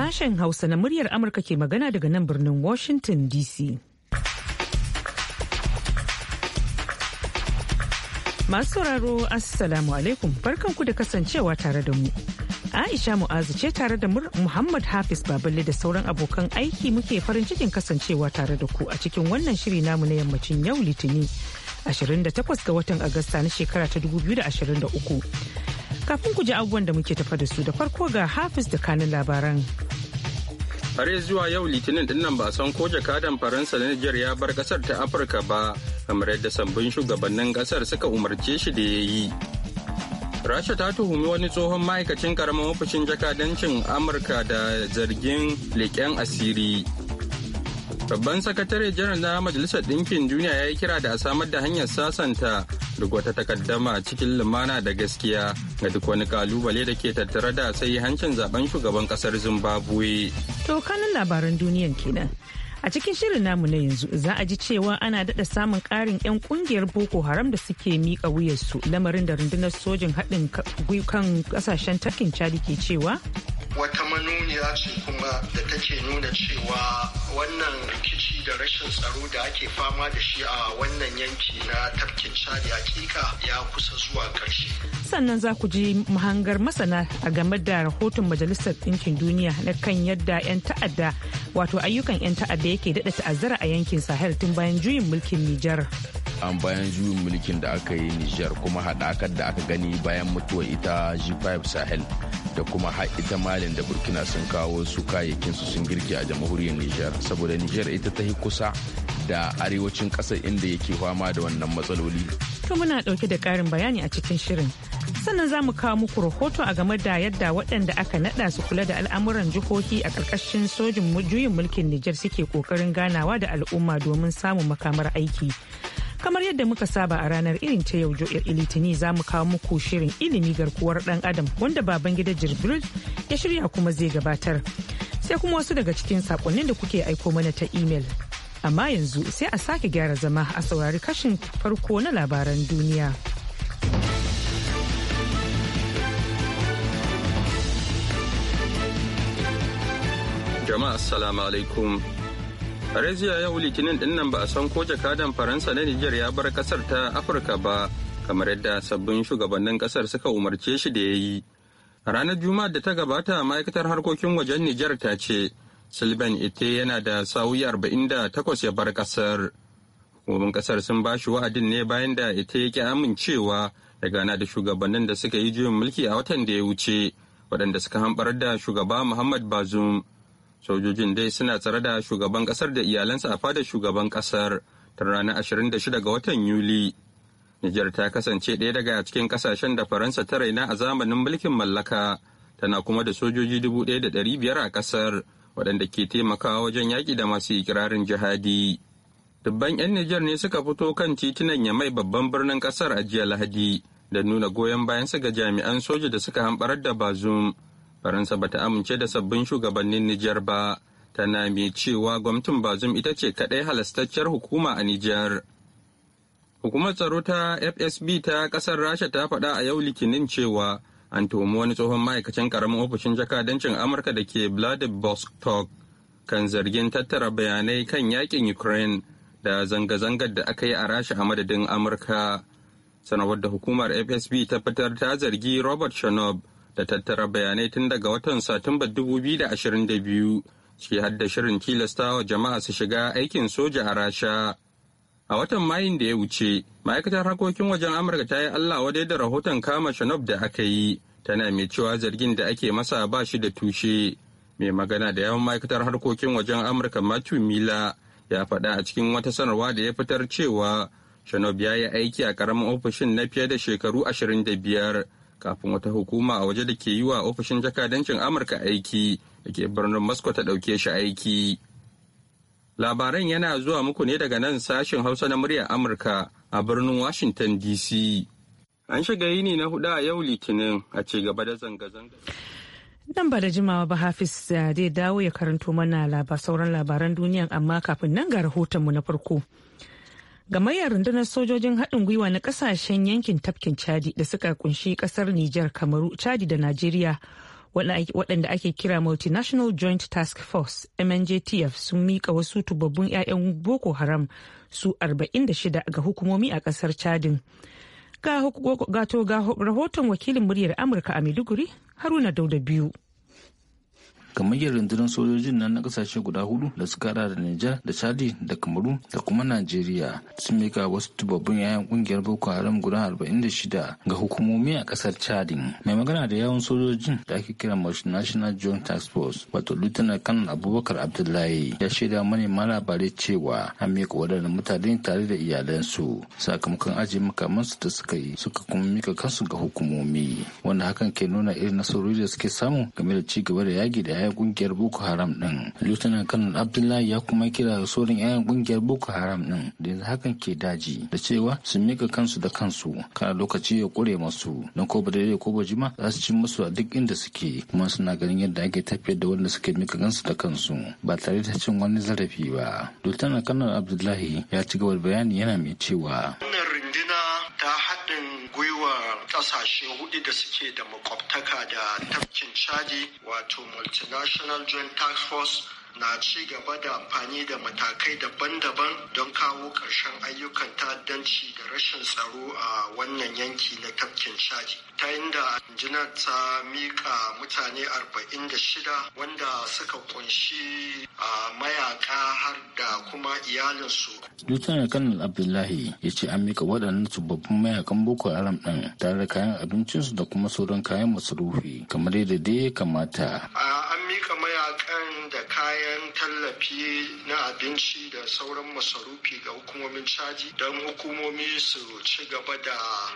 Sashen Hausa na muryar Amurka ke magana daga nan birnin Washington DC. Masu sauraro Assalamu alaikum barkanku da kasancewa tare da mu. Aisha Mu'azu ce tare da Muhammad Hafiz Baballe da sauran abokan aiki muke farin cikin kasancewa tare da ku a cikin wannan shiri namu na yammacin yau Litinin 28 ga watan Agusta na shekara ta 2023. Kafin ku ji abubuwan da muke tafa da su da farko ga Hafiz da kanin labaran. Har zuwa yau Litinin din nan ba san ko jakadan Faransa da niger ya bar kasar ta Afirka ba kamar yadda sabbin shugabannin kasar suka umarce shi da ya yi. Rasha ta tuhumi wani tsohon ma'aikacin karamin ofishin jakadancin Amurka da zargin leƙen asiri. Babban sakatare janar na Majalisar dinkin Duniya ya yi kira da a samar da hanyar sasanta duk wata takaddama cikin lumana da gaskiya ga duk wani kalubale da ke tattare da sai hancin zaben shugaban kasar Zimbabwe. To kanin labaran duniya kenan. A cikin shirin namu na yanzu za a ji cewa ana dada samun karin 'yan kungiyar Boko Haram da suke miƙa wuyarsu lamarin da rundunar sojin haɗin kan ƙasashen takin cadi ke cewa wata manuniya ce kuma da take nuna cewa wannan rikici da rashin tsaro da ake fama da shi a wannan yanki na tafkin chad hakika ya kusa zuwa ƙarshe. sannan za ku ji mahangar masana a game da rahoton majalisar ɗinkin duniya na kan yadda 'yan ta'adda wato ayyukan 'yan ta'adda yake daɗa ta'azzara a yankin sahel tun bayan juyin mulkin nijar an bayan juyin mulkin da aka yi nijar kuma haɗakar da aka gani bayan mutuwar ita g5 sahel da kuma ita ma malin da burkina sun kawo su kayayyakin su sun girki a jamhuriyar nijar saboda nijar ita ta kusa da arewacin ƙasar inda yake fama da wannan matsaloli to muna ɗauke da karin bayani a cikin shirin sannan za mu kawo muku rahoto a game da yadda waɗanda aka naɗa su kula da al'amuran jihohi a ƙarƙashin sojin juyin mulkin Nijar suke ƙoƙarin ganawa da al'umma domin samun makamar aiki. kamar yadda muka saba a ranar irin ta yau litini za mu kawo muku shirin ilimi garkuwar dan adam wanda baban gida jirbril ya shirya kuma zai gabatar sai kuma wasu daga cikin sakonnin da kuke aiko mana ta imel amma yanzu sai a sake gyara zama a saurari kashin farko na labaran duniya jama'a assalamu alaikum Reziya yau litinin din nan ba a san ko jakadan Faransa na Nijar ya bar kasar ta Afirka ba kamar yadda sabbin shugabannin kasar suka umarce shi da ya yi. ranar Juma'a da ta gabata ma'aikatar harkokin wajen Nijar ta ce Sylvain Ite yana da sawuyi arba'in da takwas ya bar kasar. Hukumomin kasar sun ba shi wa'adin ne bayan da Ite ya ki amincewa da gana da shugabannin da suka yi juyin mulki a watan da ya wuce waɗanda suka hamɓar da shugaba Muhammad Bazoum. Sojojin dai suna tsare da shugaban kasar da iyalansa a fadar shugaban kasar ta ranar 26 ga watan Yuli. Nijar ta kasance ɗaya daga cikin kasashen da Faransa ta raina a zamanin mulkin mallaka, tana kuma da sojoji 1,500 a kasar waɗanda ke taimakawa wajen yaƙi da masu ikirarin jihadi. Dubban 'yan Nijar ne suka fito kan titunan Yamai babban birnin kasar a jiya Lahadi da nuna goyon bayansu ga jami'an soja da suka hamɓarar da Bazum. faransa bata amince da sabbin shugabannin nijar ba tana mai cewa gwamnatin bazum ita ce kadai halastacciyar hukuma a nijar hukumar tsaro ta fsb ta kasar rasha ta faɗa a yau likinin cewa an tuhumi wani tsohon ma'aikacin karamin ofishin jakadancin amurka da ke vladivostok kan zargin tattara bayanai kan yakin ukraine da zanga-zangar da aka yi a rasha a madadin amurka sanarwar da hukumar fsb ta fitar ta zargi robert shanob da tattara bayanai tun daga watan Satumba 2022 ciki har da shirin tilastawa jama'a su shiga aikin soja a Rasha. A watan Mayun da ya wuce, ma'aikatar harkokin wajen Amurka ta yi Allah wadai da rahoton kama Shanob da aka yi, tana mai cewa zargin da ake masa ba shi da tushe. Mai magana da yawan ma'aikatar harkokin wajen Amurka Matthew Miller ya faɗa a cikin wata sanarwa da ya fitar cewa Shanob ya yi aiki a ƙaramin ofishin na fiye da shekaru ashirin da biyar. kafin wata hukuma a waje da ke yi wa ofishin jakadancin amurka aiki da ke birnin moscow ta ɗauke shi aiki labaran yana zuwa muku ne daga nan sashen hausa na muryar amurka a birnin washington dc an shiga yini na hudu a yau litinin a ci gaba da zanga-zanga nan ba da jimawa ba hafiz eh, zai dawo ya karanto mana sauran labaran duniya amma kafin nan ga rahotonmu na farko gamayyar rundunar sojojin haɗin gwiwa na ƙasashen yankin tafkin chadi da suka kunshi ƙasar nijar kamaru chadi da najeriya waɗanda ake kira multinational joint task force mnjtf sun miƙa wasu tubabbun 'ya'yan boko haram su 46 ga hukumomi a ƙasar chadin ga rahoton wakilin muryar amurka a maiduguri haruna dauda biyu yin rundunar sojojin nan na kasashe guda hudu da suka hada da Nijar da Chadi da Kamaru da kuma Najeriya sun mika wasu tubabbun yayan kungiyar Boko Haram guda 46 ga hukumomi a kasar Chadi. Mai magana da yawan sojojin da ake kira National Joint Task Force wato Lieutenant Colonel Abubakar Abdullahi ya shaida manema labarai cewa an mika waɗannan mutane tare da iyalansu sakamakon aji makamansu da suka yi suka kuma mika kansu ga hukumomi wanda hakan ke nuna irin nasarori da suke samu game da ci gaba da yaki da 'ya'yan kungiyar boko haram din lieutenant colonel abdullahi ya kuma kira sauran 'ya'yan kungiyar boko haram din da yanzu hakan ke daji da cewa su mika kansu da kansu kana lokaci ya kure masu don ko ba daidai ko ba jima za su ci musu a duk inda suke kuma suna ganin yadda ake tafiyar da wanda suke mika kansu da kansu ba tare da cin wani zarafi ba lieutenant colonel abdullahi ya ci gaba da bayani yana mai cewa wannan rindina ta haɗin gwiwa ƙasashe hudu da suke da makwabtaka da tafkin chadi wato multinational joint task force na ci gaba da amfani da matakai daban-daban don kawo ƙarshen ayyukan ta'addanci da rashin tsaro a wannan yanki na tafkin chadi ta inda jina ta mika mutane 46 wanda suka kunshi a mayaka har da kuma iyalinsu lieutenant colonel abdullahi ya ce an mika waɗannan tubabbin mayakan boko haram ɗin tare da kayan abincinsu da kuma sauran kayan masarufi kamar yadda dai ya kamata abinci da sauran masarufi ga hukumomin caji don hukumomi su ci gaba da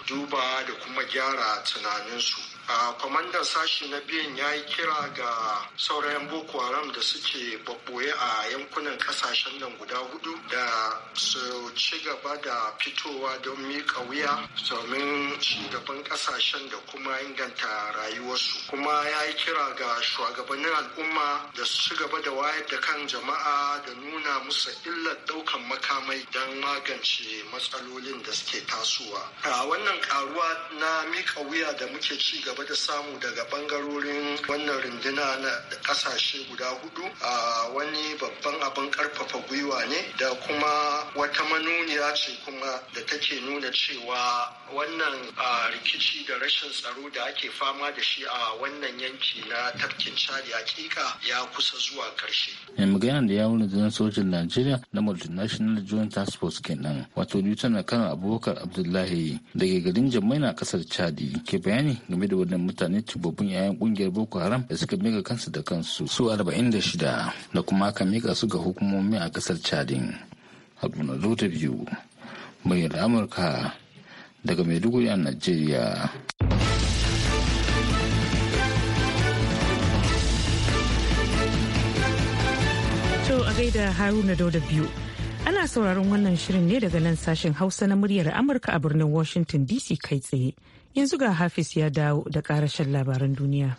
duba da kuma gyara tunaninsu a kwamandan sashi na biyan ya yi kira ga sauran boko haram da suke babboye a yankunan kasashen nan guda hudu da su ci gaba da fitowa don mika wuya domin shugaban kasashen da kuma inganta rayuwarsu kuma ya yi kira ga shugabannin al'umma da su ci gaba da wayar da kan jama'a da nuna ana musu illar ɗaukan makamai don magance matsalolin da suke tasowa. A wannan karuwa na mika wuya da muke ci gaba da samu daga bangarorin wannan runduna na kasashe guda hudu a wani babban abin karfafa gwiwa ne da kuma wata manuniya ce kuma da take nuna cewa wannan rikici da rashin tsaro da ake fama da shi a wannan yanki na tafkin cari hakika ya kusa zuwa karshe Mai da yawon rundunar sojin najeriya na multinational joint task force kenan wato lieutenant kano abubakar abdullahi daga ke garin jamaina kasar chadi ke bayani game da wannan mutane tubabbun yayan kungiyar boko haram da suka mika kansu da kansu su 46 da kuma aka mika su ga hukumomi a kasar chadin haruna zo ta biyu muryar amurka daga maiduguri a najeriya To a gaida Haruna Dauda biyu. Ana sauraron wannan shirin ne daga nan sashen Hausa na muryar Amurka a birnin Washington DC kai tsaye. Yanzu ga Hafiz ya dawo da karashen labaran duniya.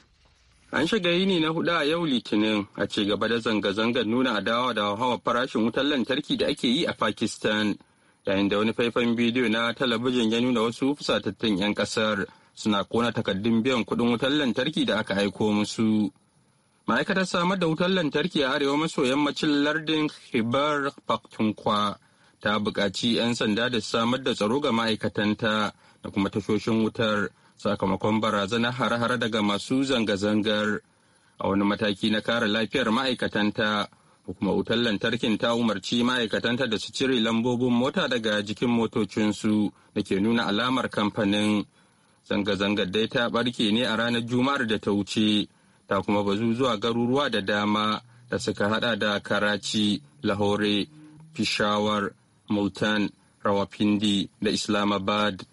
An shiga yini na hudu a yau Litinin a ci gaba da zanga-zangar nuna adawa da hawa farashin wutar lantarki da ake yi a Pakistan. Yayin da wani faifan bidiyo na talabijin ya nuna wasu fusatattun 'yan kasar suna kona takardun biyan kuɗin wutar lantarki da aka aiko musu. ma'aikatar samar da wutar lantarki a arewa maso yammacin lardin hibar pakhtunkhwa ta buƙaci 'yan sanda da samar da tsaro ga ma'aikatanta da kuma tashoshin wutar sakamakon barazanar hare-hare daga masu zanga-zangar a wani mataki na kare lafiyar ma'aikatanta hukumar wutar lantarkin ta umarci ma'aikatanta da su cire lambobin mota daga jikin motocinsu da ke nuna alamar kamfanin zanga-zangar dai ta barke ne a ranar juma'ar da ta wuce ta kuma bazu zuwa garuruwa da dama da suka hada da Karachi, Lahore, Peshawar, Multan, Rawapindi da Islamabad.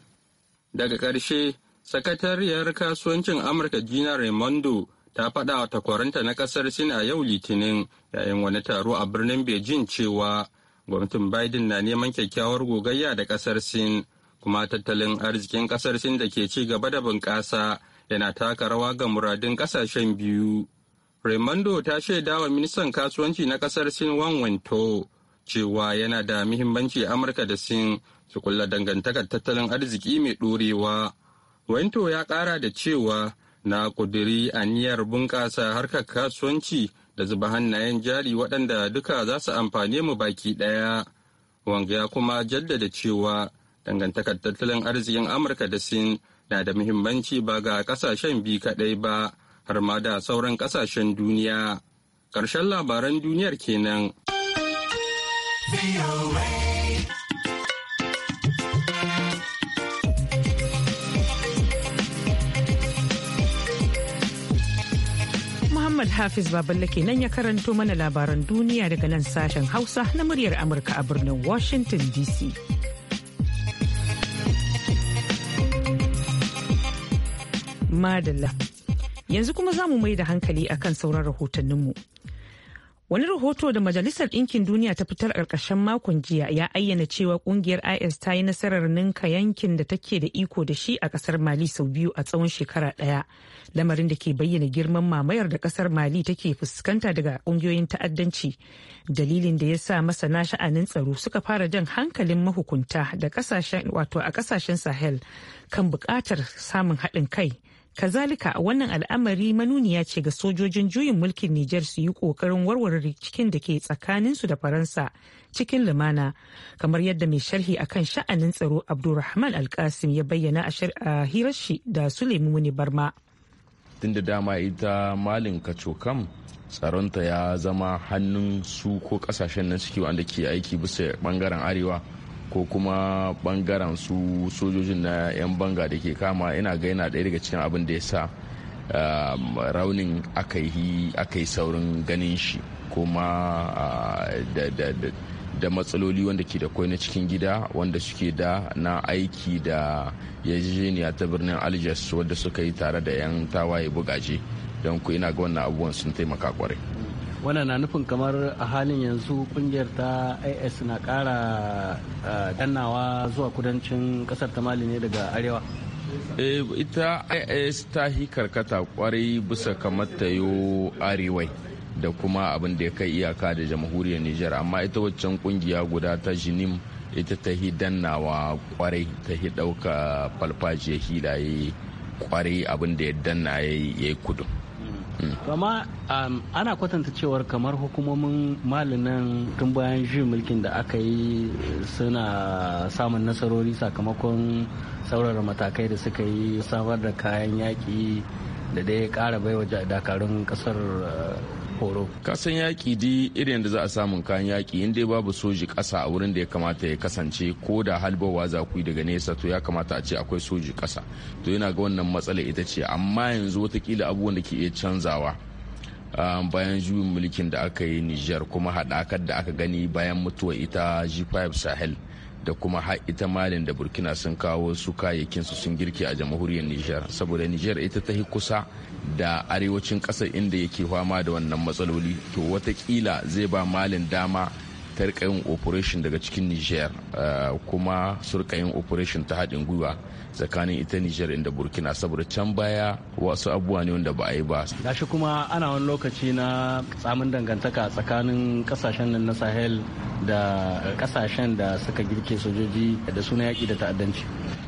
Daga ƙarshe, sakatariyar kasuwancin Amurka Gina Raimondo ta faɗa wa takwaranta na ƙasar Sin a yau Litinin yayin wani taro a birnin Beijing cewa gwamnatin Biden na neman kyakkyawar gogayya da ƙasar Sin kuma tattalin arzikin ƙasar Sin da ke ci gaba da bunƙasa yana taka rawa ga muradin kasashen biyu. Raimondo ta shaida wa ministan kasuwanci na kasar Sin Wang cewa yana da muhimmanci Amurka da Sin su kulla dangantakar tattalin arziki mai ɗorewa. Wento ya ƙara da cewa na ƙudiri aniyar bunƙasa harkar kasuwanci da zuba hannayen jari waɗanda duka za su amfane mu baki ɗaya. Wanga ya kuma jaddada cewa dangantakar tattalin arzikin Amurka da Sin na da muhimmanci ba ga kasashen biyu kaɗai ba har ma da sauran kasashen duniya. Ƙarshen labaran duniyar kenan. Muhammad Hafiz Baballe kenan ya karanto mana labaran duniya daga nan sashen Hausa na muryar Amurka a birnin Washington DC. madalla yanzu kuma za mu mai da hankali akan sauran rahotanninmu wani rahoto da majalisar ɗinkin duniya ta fitar ƙarƙashin makon jiya ya ayyana cewa ƙungiyar is ta yi nasarar ninka yankin da take da iko da shi a ƙasar mali sau biyu a tsawon shekara ɗaya lamarin da ke bayyana girman mamayar da ƙasar mali take fuskanta daga ƙungiyoyin ta'addanci dalilin da ya sa masana sha'anin tsaro suka fara jan hankalin mahukunta da ƙasashen wato a ƙasashen sahel kan buƙatar samun haɗin kai Kazalika a wannan al'amari manuniya ce ga sojojin juyin mulkin Nijar su yi ƙoƙarin warware rikicin da ke tsakaninsu da Faransa cikin lumana kamar yadda mai sharhi akan sha'anin tsaro Abdulrahman Alkasim ya bayyana a hirar shi da Suleiman Muni Barma. Tun da dama ita Malin Kacokam tsaronta ya zama hannun su ko kasashen nan suke wanda ke aiki bisa ɓangaren arewa ko kuma bangaren su sojojin na 'yan banga da ke kama ina ga yana daya daga cikin abin da ya sa um, raunin aka yi saurin ganin shi kuma da matsaloli wanda ke da kwai na cikin gida wanda suke da na aiki da yarjejeniya ta birnin algiers wadda suka yi tare da 'yan tawaye bugaje don ku ina ga wannan abubuwan sun taimaka kwarai wannan na nufin kamar a halin yanzu kungiyar ta is na kara dannawa zuwa kudancin kasar ta mali ne daga arewa eh, ita IAS ta hi karkata kwarai bisa kamar ta arewai da kuma abin da ya kai iyaka da jamhuriyar niger amma ita waccan kungiya guda ta jinim ita ta hi dannawa kwarai ta hi dauka falfajiyar hilaye kwarai abin da ya danna ya yi kudu kama um, ana kwatanta cewar kamar hukumomin malinan tun bayan juyin mulkin da aka yi suna samun nasarori sakamakon saurara matakai da suka yi samar da kayan yaƙi da dai ƙara baiwa dakarun ƙasar uh, horo ka san yaƙi di irin da za a samu kayan yaƙi in dai babu soji ƙasa a wurin da ya kamata ya kasance ko da halbawa za ku daga nesa to ya kamata a ce akwai soji ƙasa to yana ga wannan matsala ita ce amma yanzu watakila abubuwan da ke iya canzawa ah, bayan juyin mulkin da aka yi niger kuma haɗakar da aka gani bayan mutuwa ita g5 sahel da kuma har ita malin da burkina sun kawo su kayayyakin su sun girke a jamhuriyar nijar saboda nijar ita ta yi kusa da arewacin kasar inda yake fama da wannan matsaloli to watakila zai ba malin dama ta rika yin operation daga cikin niger eh, kuma su rika yin operation ta haɗin gwiwa tsakanin ita niger inda burkina saboda can baya wasu abubuwa ne wanda ba a yi ba gashi kuma ana wani lokaci na tsamin dangantaka tsakanin kasashen nan na sahel da kasashen da suka girke sojoji da suna yaƙi da ta'addanci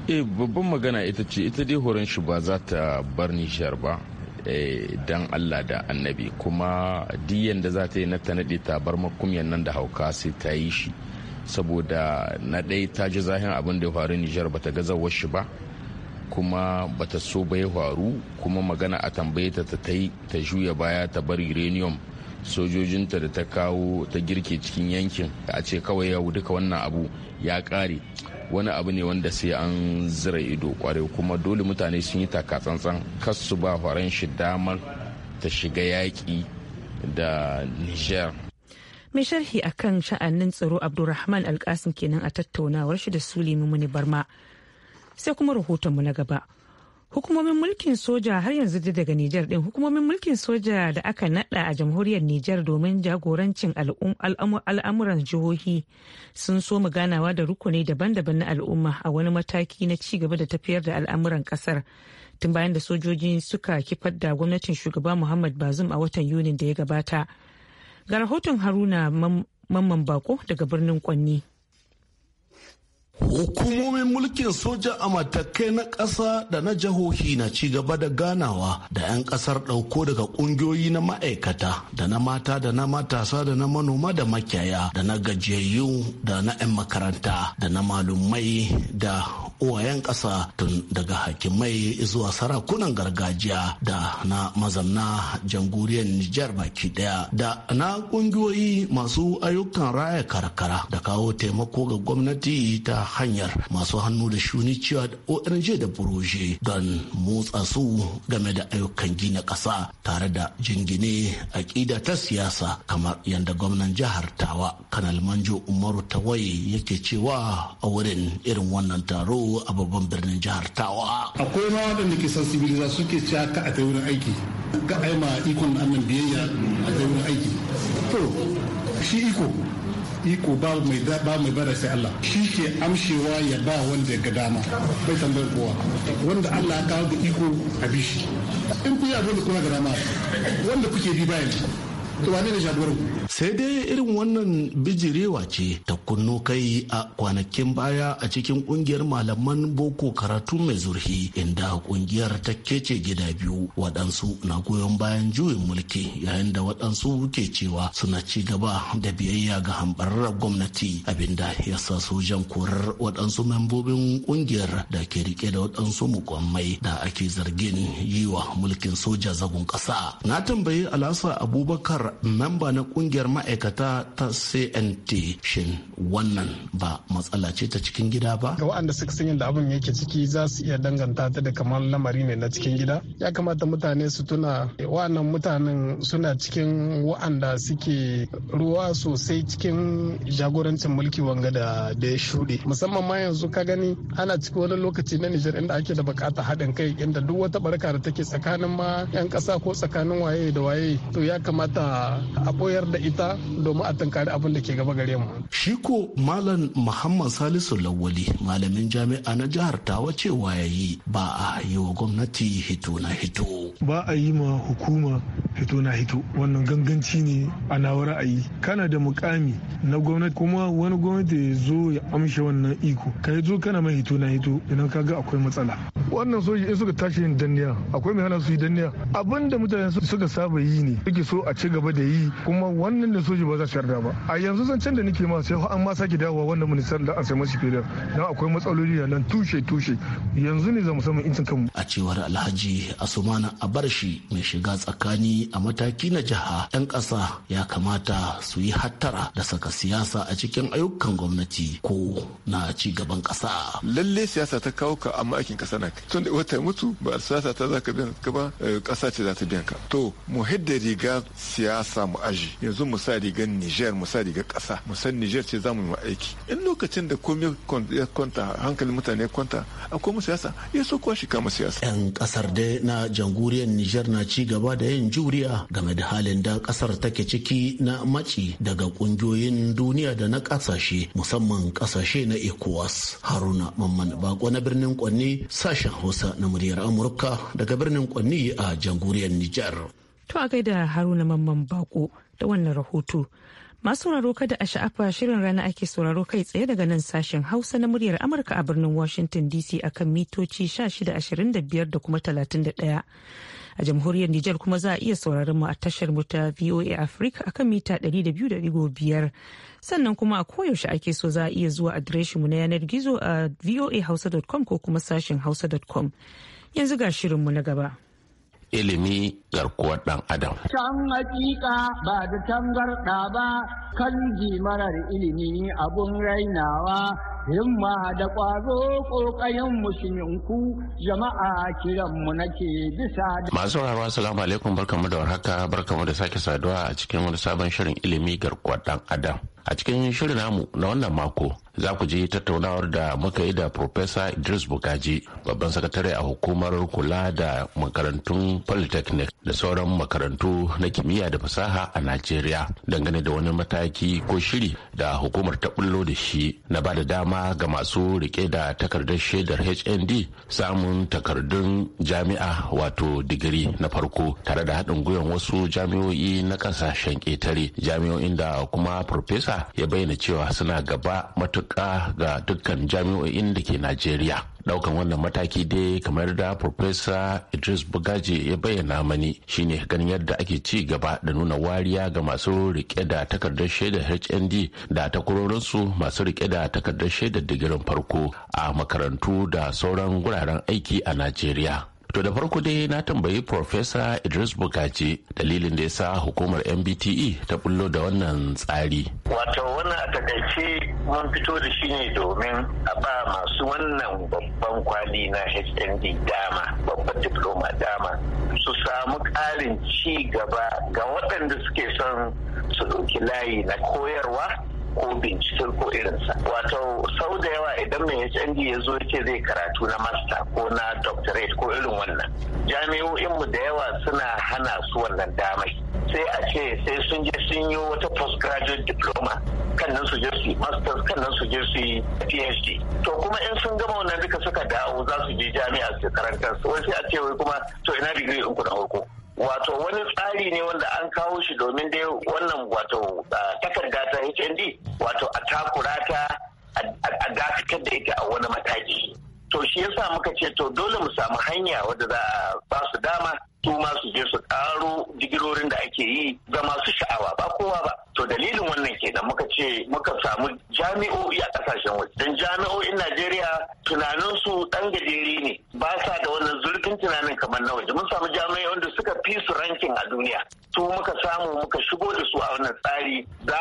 eh babban magana ita ce ita dai horon shi ba za ta bar niger ba Eh, dan Allah da annabi kuma diyan da za ta yi na ta naɗe tabar makumyan nan da hauka sai ta yi shi saboda na ɗai ta ji zahin abin da ya faru Nijar ba bata gaza washi ba kuma ba ta so bai faru kuma magana a tambaye ta ta yi ta juya baya ta bar uranium sojojinta da ta kawo ta girke cikin yankin a ce kawai yau duka wannan abu ya kare wani abu ne wanda sai an zira ido kwarai kuma dole mutane sun yi takatsantsan kas su ba faran shi damar ta shiga yaƙi da niger mai sharhi akan sha'anin tsaro abdulrahman alkasim kenan a tattaunawar shi da sulemi muni barma sai kuma rahoton mu na gaba hukumomin mulkin soja har yanzu daga Nijar din hukumomin mulkin soja da aka nada a jamhuriyar Nijar domin jagorancin al'amuran jihohi sun so mu ganawa da rukuni daban-daban na al'umma a wani mataki na ci gaba da tafiyar da al'amuran kasar tun bayan da sojoji suka kifar da gwamnatin shugaba Muhammad Bazum a watan Yunin da ya gabata. Ga rahoton Haruna Mamman Bako daga birnin Kwanni. Hukumomin mulkin soja a matakai na ƙasa da na jihohi na ci gaba da ganawa da 'yan ƙasar ɗauko daga ƙungiyoyi na ma'aikata da na mata da na matasa da na manoma da makiyaya da na gajiyayyu da na 'yan makaranta da na malumai da uwayen ƙasa tun daga hakimai zuwa sarakunan gargajiya da na mazamna jamhuriyar Nijar baki ɗaya da na ƙungiyoyi masu ayyukan raya karkara da kawo taimako ga gwamnati ta hanyar masu hannu da shuni cewa da ONG da Buroje don motsa su game da ayyukan gina ƙasa tare da jingine aƙida ta siyasa kamar yadda gwamnan jihar Tawa Kanal Manjo Umaru Tawaye yake cewa a wurin irin wannan taro a babban birnin jihar Tawa. Akwai ma waɗanda ke sensibiliza suke cewa ka a ta aiki. Ka aima ikon annan biyayya a ta aiki. To, shi iko iko ba mai ba mai bada sai Allah shi ke amshewa ya ba wanda ga dama bai tambayar kowa wanda Allah ya kawo da iko a bishi in ku yi abin da kuma ga dama wanda kuke bi bayan to wane ne jagoran sai dai irin wannan bijirewa ce kunno kai a kwanakin baya a cikin kungiyar malaman boko karatu mai zurhi inda kungiyar ta kece gida biyu waɗansu na goyon bayan juyin mulki yayin da waɗansu ke cewa suna ci gaba da biyayya ga hambararrar gwamnati abinda ya sa sojan korar waɗansu membobin kungiyar da ke rike da waɗansu mukwammai da ake zargin yi wa mulkin soja zagon ƙasa na tambayi alasa abubakar memba na kungiyar ma'aikata ta cnt shin wannan ba matsala ce ta cikin gida ba. Ga waɗanda suka san yadda abin yake ciki za su iya danganta ta da kamar lamari ne na cikin gida. Ya kamata mutane su tuna wa'annan mutanen suna cikin wa'anda suke ruwa sosai cikin jagorancin mulki wanga da ya shuɗe. Musamman ma yanzu ka gani ana cikin wani lokaci na Nijar inda ake da bukata haɗin kai inda duk wata barka da take tsakanin ma 'yan ƙasa ko tsakanin waye da waye to ya kamata a boyar da ita domin a tunkari abin da ke gaba gare mu. iko malam muhammad salisu lawali malamin jami'a na jihar tawa cewa ya yi ba a yi wa gwamnati hito na hito ba a yi ma hukuma hito na hito wannan ganganci ne a nawa ra'ayi kana da mukami na gwamnati kuma wani gwamnati ya zo ya amshe wannan iko ka yi zo kana mai hito na hito idan ka ga akwai matsala wannan soji in suka tashi yin danniya akwai mai hana su yi danniya abinda mutane suka saba yi ne suke so a ci gaba da yi kuma wannan da soji ba za su yarda ba a yanzu zan can da nake ma sai an ma sake dawowa wannan ministan da an sai masu filiya don akwai matsaloli da nan tushe tushe yanzu ne zamu samu incin kanmu a cewar alhaji asumana abarshi mai shiga tsakani a mataki na jiha yan ƙasa ya kamata su yi hattara da saka siyasa a cikin ayyukan gwamnati ko na ci gaban ƙasa lalle siyasa ta kawo ka amma aikin ƙasa na tun da wata mutu ba siyasa ta zaka ka biyan ka ba eh, ƙasa ce za ta biyan ka to mu hidda riga siyasa mu aji yanzu mu sa rigar Niger mu sa rigar ƙasa mu san Niger ce za mu yi aiki in lokacin da komai ya kwanta hankalin mutane ya kwanta a mu siyasa ya so kuwa shi kama siyasa yan kasar da na janguriyar Nijar na ci gaba da yin juriya game da halin da kasar take ciki na maci daga kungiyoyin duniya da na kasashe musamman kasashe na ECOWAS Haruna Mamman Bako na birnin Kwanni sashen Hausa na muryar Amurka daga birnin Kwanni a janguriyar Nijar to a gaida Haruna Mamman Bako da wannan rahoto Masu sauraro kada a sha'afa shirin rana ake sauraro kai tsaye daga nan sashen Hausa na muryar Amurka a birnin Washington DC akan mitoci 1625 da kuma 31. A jamhuriyar Nijar kuma za a iya sauraron mu a tashar mu ta VOA Africa akan mita 200.5. Sannan kuma a koyaushe ake so za a iya zuwa adireshin mu na yanar gizo a voahausa.com ko kuma sashen hausa.com. Yanzu ga shirinmu na gaba. ilimi garkuwar ɗan adam. Can hakika ba da tangarɗa ba kan marar ilimi abun rainawa himma da ƙwazo ƙoƙayen musulunku jama'a kiranmu nake bisa da. Masu rarwa salamu alaikum barkamu da warhaka barkamu da sake saduwa a cikin wani sabon shirin ilimi garkuwar ɗan adam. a cikin shirin namu na wannan mako za ku ji tattaunawar da muka yi da Profesa Idris Bugaji, babban sakatare a hukumar kula da makarantun Polytechnic da sauran makarantu na kimiyya da fasaha a Najeriya dangane da wani mataki ko shiri da hukumar ta bullo da shi na ba da dama ga masu rike da takardar shaidar HND samun takardun jami'a wato digiri na farko tare da haɗin gwiwan wasu jami'o'i na ƙasashen ƙetare jami'o'in da kuma Profesa haka ya bayyana cewa suna gaba matuƙa ga dukkan jami'o'in da ke najeriya daukan wannan mataki dai kamar da Profesa Idris Bugaji ya bayyana mani shine ganin yadda ake ci gaba da nuna wariya ga masu rike da takardar shaidar HND da takwarorinsu masu rike da takardar shaidar digirin farko a makarantu da sauran wuraren aiki a Najeriya. To da farko dai na tambayi Profesa Idris Bukaci dalilin da ya sa hukumar MBTE ta bullo da wannan tsari. Wato wannan a takaice mun fito da shi ne domin a ba masu wannan babban kwali na HND dama, babban diploma dama, su samu ƙarin ci gaba ga waɗanda suke son su ɗauki layi na koyarwa ko binciken ko irinsa wato sau da yawa idan mai hnd ya zo yake zai karatu na master ko na doctorate ko irin wannan jami'o'inmu da yawa suna hana su wannan damai sai a ce sai sun je sun yi wata postgraduate diploma kan nan su je su masters nan su je su phd to kuma in sun gama wannan duka suka dawo za su je jami'a su karanta, su wai sai a ce wai kuma to ina digiri in ku na farko wato wani tsari ne wanda an kawo shi domin dai wannan wato takarda ta hnd wato a takura ta a dakatar da ita a wani mataki to shi yasa muka ce to dole mu samu hanya wadda za a ba su dama su ma su je su karo digirorin da ake yi ga masu sha'awa ba kowa ba to dalilin wannan kenan muka ce muka samu jami'o'i a kasashen waje don jami'o'in najeriya tunaninsu su dan gajeri ne ba sa da wannan zurfin tunanin kamar na waje mun samu jami'o'in da suka fi su rankin a duniya su muka samu muka shigo da su a wannan tsari da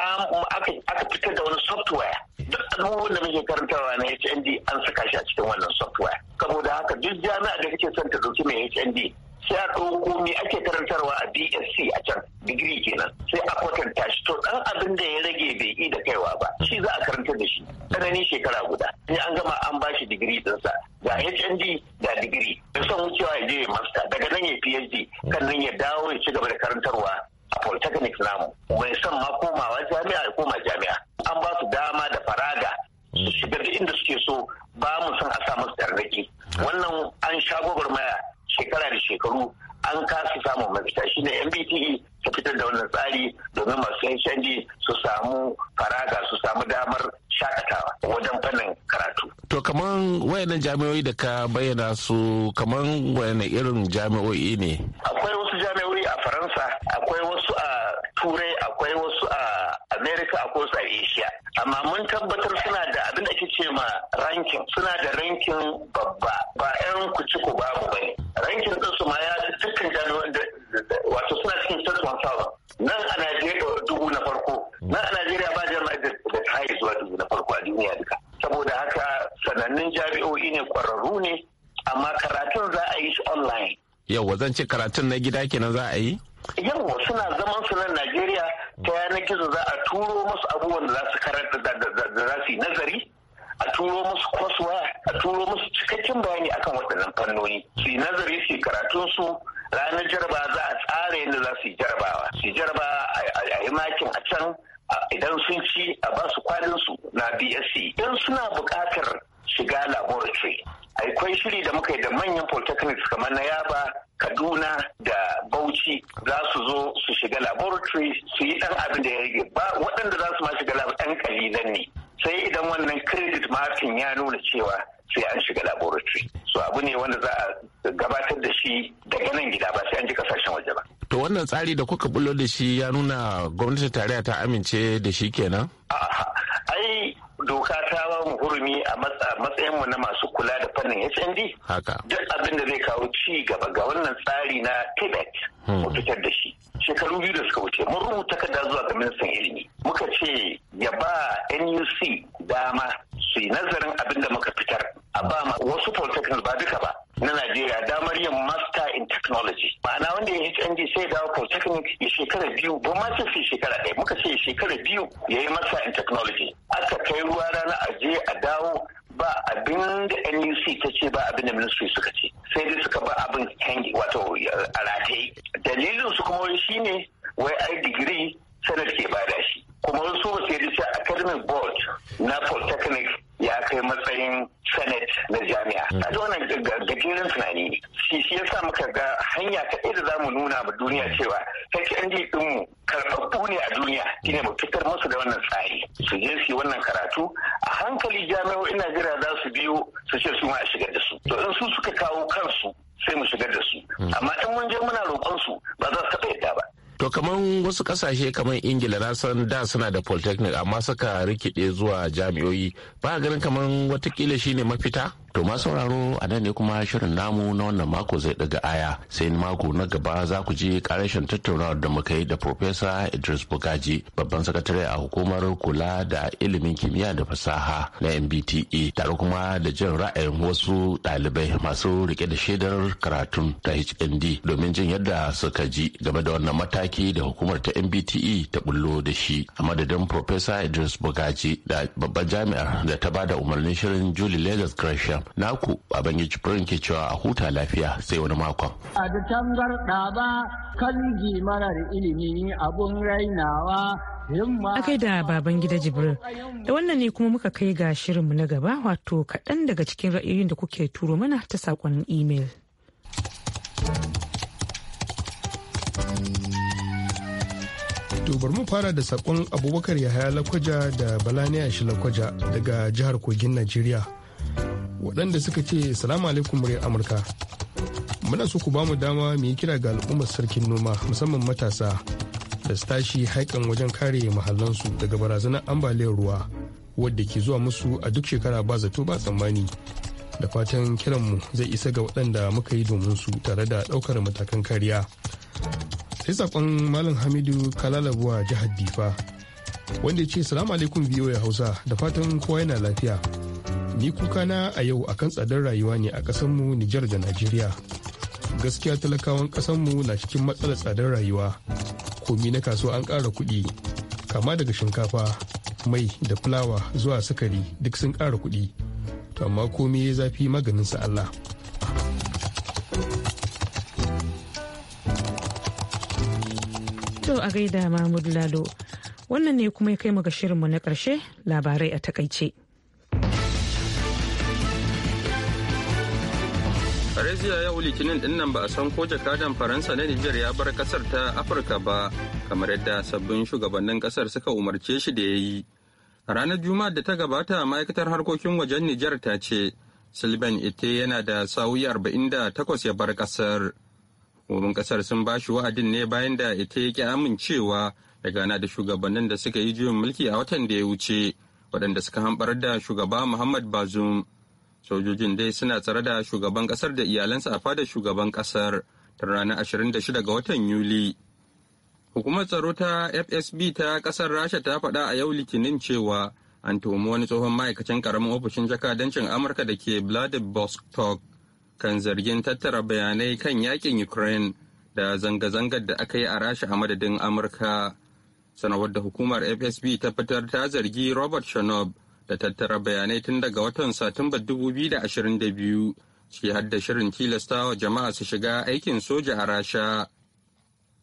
aka fitar da wani software duk abubuwan da muke karantarwa na HND an saka shi a cikin wannan software saboda haka duk jami'a da kake son ta dauki mai HND sai a ɗauko me ake karantarwa a BSc a can digiri kenan sai a kwatanta shi to ɗan abin da ya rage bai yi da kaiwa ba shi za a karanta da shi tsananin shekara guda sai an gama an ba shi digiri ɗinsa ga HND ga digiri da son wucewa ya je ya masta daga nan ya PhD kan nan ya dawo ya ci gaba da karantarwa a polytechnic namu mai son ma komawa jami'a ya koma jami'a an ba su dama da faraga su shigar da inda suke so ba mu son a sa tarnaki wannan an sha gwagwarmaya shekara da shekaru an kasa samun mafita shine mbte ta fitar da wannan tsari domin masu yan canji su samu faraga su samu damar shakatawa wajen fannin karatu to kamar wayannan jami'oi da ka bayyana su kamar wayannan irin jami'oi ne akwai wasu jami'oi a faransa akwai wasu a turai akwai wasu a america akwai wasu a asia amma mun tabbatar suna da abin da ake ce ma rankin suna da rankin babba ba 'yan ci ku babu Wato ma ya dukkan jami'an wato suna cikin state one nan a Najeriya uh, dubu na farko nan a Najeriya ba jami'ai da ta haye zuwa dubu na farko a duniya duka saboda haka sanannun jami'o'i ne kwararru ne amma karatun za a yi shi online. wa zan ce karatun na gida kenan za a yi? Yawwa suna zaman su nan Najeriya ta yanar gizo za a turo masu abubuwan da za su karanta da za su yi nazari cikakken bayani akan waɗannan fannoni su yi nazari su karatun su ranar jaraba za a tsara yadda za su yi jarabawa su jaraba a yi makin a can idan sun ci a ba su kwanan su na bsc in suna buƙatar shiga laboratory akwai shiri da muka yi da manyan polytechnics kamar na yaba kaduna da bauchi za su zo su shiga laboratory su yi dan abin da ya rage ba waɗanda za su ma shiga laboratory ɗan ƙalilan ne sai idan wannan credit marking ya nuna cewa sai an shiga laboratory so abu ne wanda za a gabatar da shi daga nan gida ba sai an ji kasashen waje ba to wannan tsari da kuka bullo da shi ya nuna gwamnatin tarayya ta amince da shi kenan ai doka ta ba mu hurumi a matsayin mu na masu kula da fannin HND duk abin da zai kawo ci gaba ga wannan tsari na Tibet mu hmm. fitar da shi shekaru biyu da suka wuce mun rubuta kada zuwa ga ministan ilimi muka ce ya ba NUC dama su yi nazarin abin da muka fitar a ba wasu polytechnic ba duka ba na Najeriya damar yin master in technology. Ma'ana wanda ya HND sai dawo polytechnic ya shekara biyu, ba ma sai shekara ɗaya, muka ce shekara biyu ya yi master in technology. kai ruwa rana a je a dawo ba abin da nuc ta ce ba abin da ministry suka ce sai dai suka ba abin hangi wato a rataye dalilin su kuma wani shine wai ai digiri sanar ke bada shi kuma wasu ba sai da academic board na polytechnic kai matsayin senate na jami'a ta hmm. ji wannan gajeren tunani ne shi ya sa muka ga hanya ta da za mu nuna ma duniya hmm. cewa hnd ɗinmu karɓaɓɓu ne a duniya shine mu fitar musu da wannan tsari su je su yi wannan karatu a hankali jami'o'in najeriya za su biyo su ce su ma a shigar da su to in su suka kawo kansu sai mu shigar da su hmm. amma in mun je muna roƙon su ba za su taɓa yadda ba To kamar wasu kasashe kamar Ingila na san da suna da polytechnic amma suka rikide zuwa jami'o'i ba ganin kamar watakila shine mafita? To ma sauraro a nan ne kuma shirin namu na wannan mako zai daga aya sai mako na gaba za ku ji karashin tattaunawar da muka yi da Profesa Idris Bugaji babban sakatare a hukumar kula da ilimin kimiyya da fasaha na MBTE tare kuma da jin ra'ayin wasu ɗalibai masu rike da shaidar karatun ta HND domin jin yadda suka ji game da wannan mataki da hukumar ta MBTE ta bullo da shi a madadin Profesa Idris Bugaji da babban jami'ar da ta bada umarnin shirin Julie Lagos Gresham naku a Bangin jibrin ke cewa a huta lafiya sai wani makon a da kan marar ilimi abun rainawa kai da baban gida Jibril, da wannan ne kuma muka kai ga shirinmu na gaba wato kaɗan daga cikin ra'ayoyin da kuke turo mana ta saƙon imel. To bari mu fara da saƙon abubakar yahaya lakwaja da balaniya shi lakwaja daga jihar kogin Najeriya. waɗanda suka ce salamu alaikum muryar amurka muna so ku ba mu dama mu yi kira ga al'ummar sarkin noma musamman matasa da su tashi haikan wajen kare mahallansu daga barazanar ambaliyar ruwa wadda ke zuwa musu a duk shekara ba zato ba tsammani da fatan kiranmu zai isa ga waɗanda muka yi domin su tare da ɗaukar matakan kariya sai saƙon malam hamidu kalalabuwa jihar difa wanda ya ce salamu alaikum biyo ya hausa da fatan kowa yana lafiya ni kukana a yau a kan tsadar rayuwa ne a kasanmu Nijar da Najeriya. Gaskiya talakawan kasanmu na cikin matsalar tsadar rayuwa. Komi na kasuwa an ƙara kuɗi, kama daga shinkafa, mai da fulawa zuwa sukari duk sun ƙara kuɗi. To amma komi ya zafi maganin sa Allah. To a gaida Mahmud Lalo, wannan ne kuma ya kai mu ga shirinmu na ƙarshe labarai a takaice. Rezia yau litinin din nan ba a san ko jakadan Faransa na Nijar ya bar kasar ta Afirka ba, kamar yadda sabbin shugabannin kasar suka umarce shi da ya yi. ranar Juma'a da ta gabata ma'aikatar harkokin wajen Nijar ta ce, silben Ite yana da da takwas ya bar kasar. Hukumomin kasar sun ba shi wa'adin ne bayan da Ite ya ki amincewa da gana da shugabannin da suka yi juyin mulki a watan da ya wuce, waɗanda suka hambar da shugaba Muhammad Bazoum. Sojojin dai suna tsare da shugaban kasar da iyalansa a fadar shugaban kasar ta ranar 26 ga watan Yuli. Hukumar tsaro ta FSB ta kasar Rasha ta faɗa a yau Litinin cewa an tuhumi wani tsohon ma'aikacin karamin ofishin jakadancin Amurka da ke Vladivostok kan zargin tattara bayanai kan yakin Ukraine da zanga-zangar da aka yi a Rasha a madadin Amurka. sanarwar da hukumar fsb ta fitar ta zargi robert shanob da tattara bayanai tun daga watan Satumba 2022 ciki har da shirin tilastawa jama'a su shiga aikin soja a Rasha.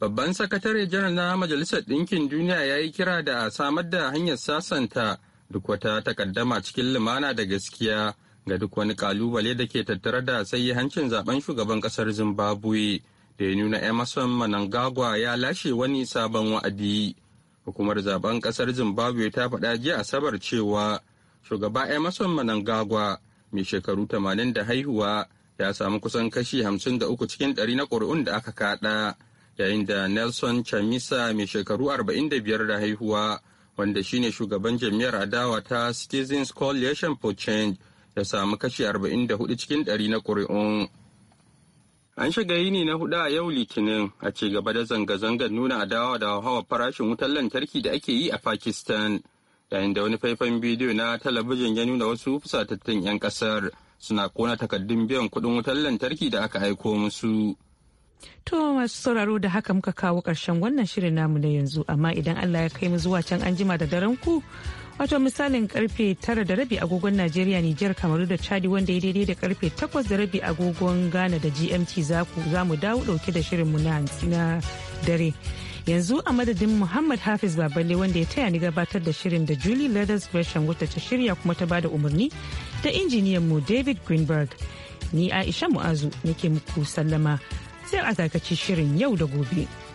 Babban sakatare janar na Majalisar Ɗinkin Duniya ya yi kira da a samar da hanyar sasanta duk wata takaddama cikin lumana da gaskiya ga duk wani kalubale da ke tattara da hancin zaben shugaban kasar Zimbabwe da ya nuna Emerson Manangagwa ya lashe wani sabon wa'adi. Hukumar zaben kasar Zimbabwe ta faɗa jiya Asabar cewa shugaba emerson manangagwa mai shekaru 80 da haihuwa ya samu kusan kashi 53 cikin 100 na ƙuri'un da aka kaɗa yayin da nelson chamisa mai shekaru 45 da haihuwa wanda shine shugaban jami'ar adawa ta citizens coalition for change ya samu kashi 44 cikin 100 na ƙuri'un an shiga yini na hudu a yau litinin a ci gaba da zanga-zangar nuna adawa da hawa farashin wutar lantarki da ake yi a pakistan yayin da wani faifan bidiyo na talabijin ya nuna wasu fusatattun 'yan kasar suna kona takardun biyan kuɗin wutar lantarki da aka aiko musu. To masu sauraro da haka muka kawo karshen wannan shirin namu na yanzu amma idan Allah ya kai mu zuwa can an jima da daren ku wato misalin karfe tara da rabi agogon Najeriya Nijar Kamaru da Chadi wanda ya daidai da karfe takwas da rabi agogon Ghana da GMT za mu dawo dauke da shirin mu na dare. yanzu a madadin muhammad hafiz babale wanda ya taya ni gabatar da shirin da julie leathers version wata ta shirya kuma ta bada umarni da injiniyan mu david greenberg ni aisha mu'azu nake muku sallama sai a zakaci shirin yau da gobe.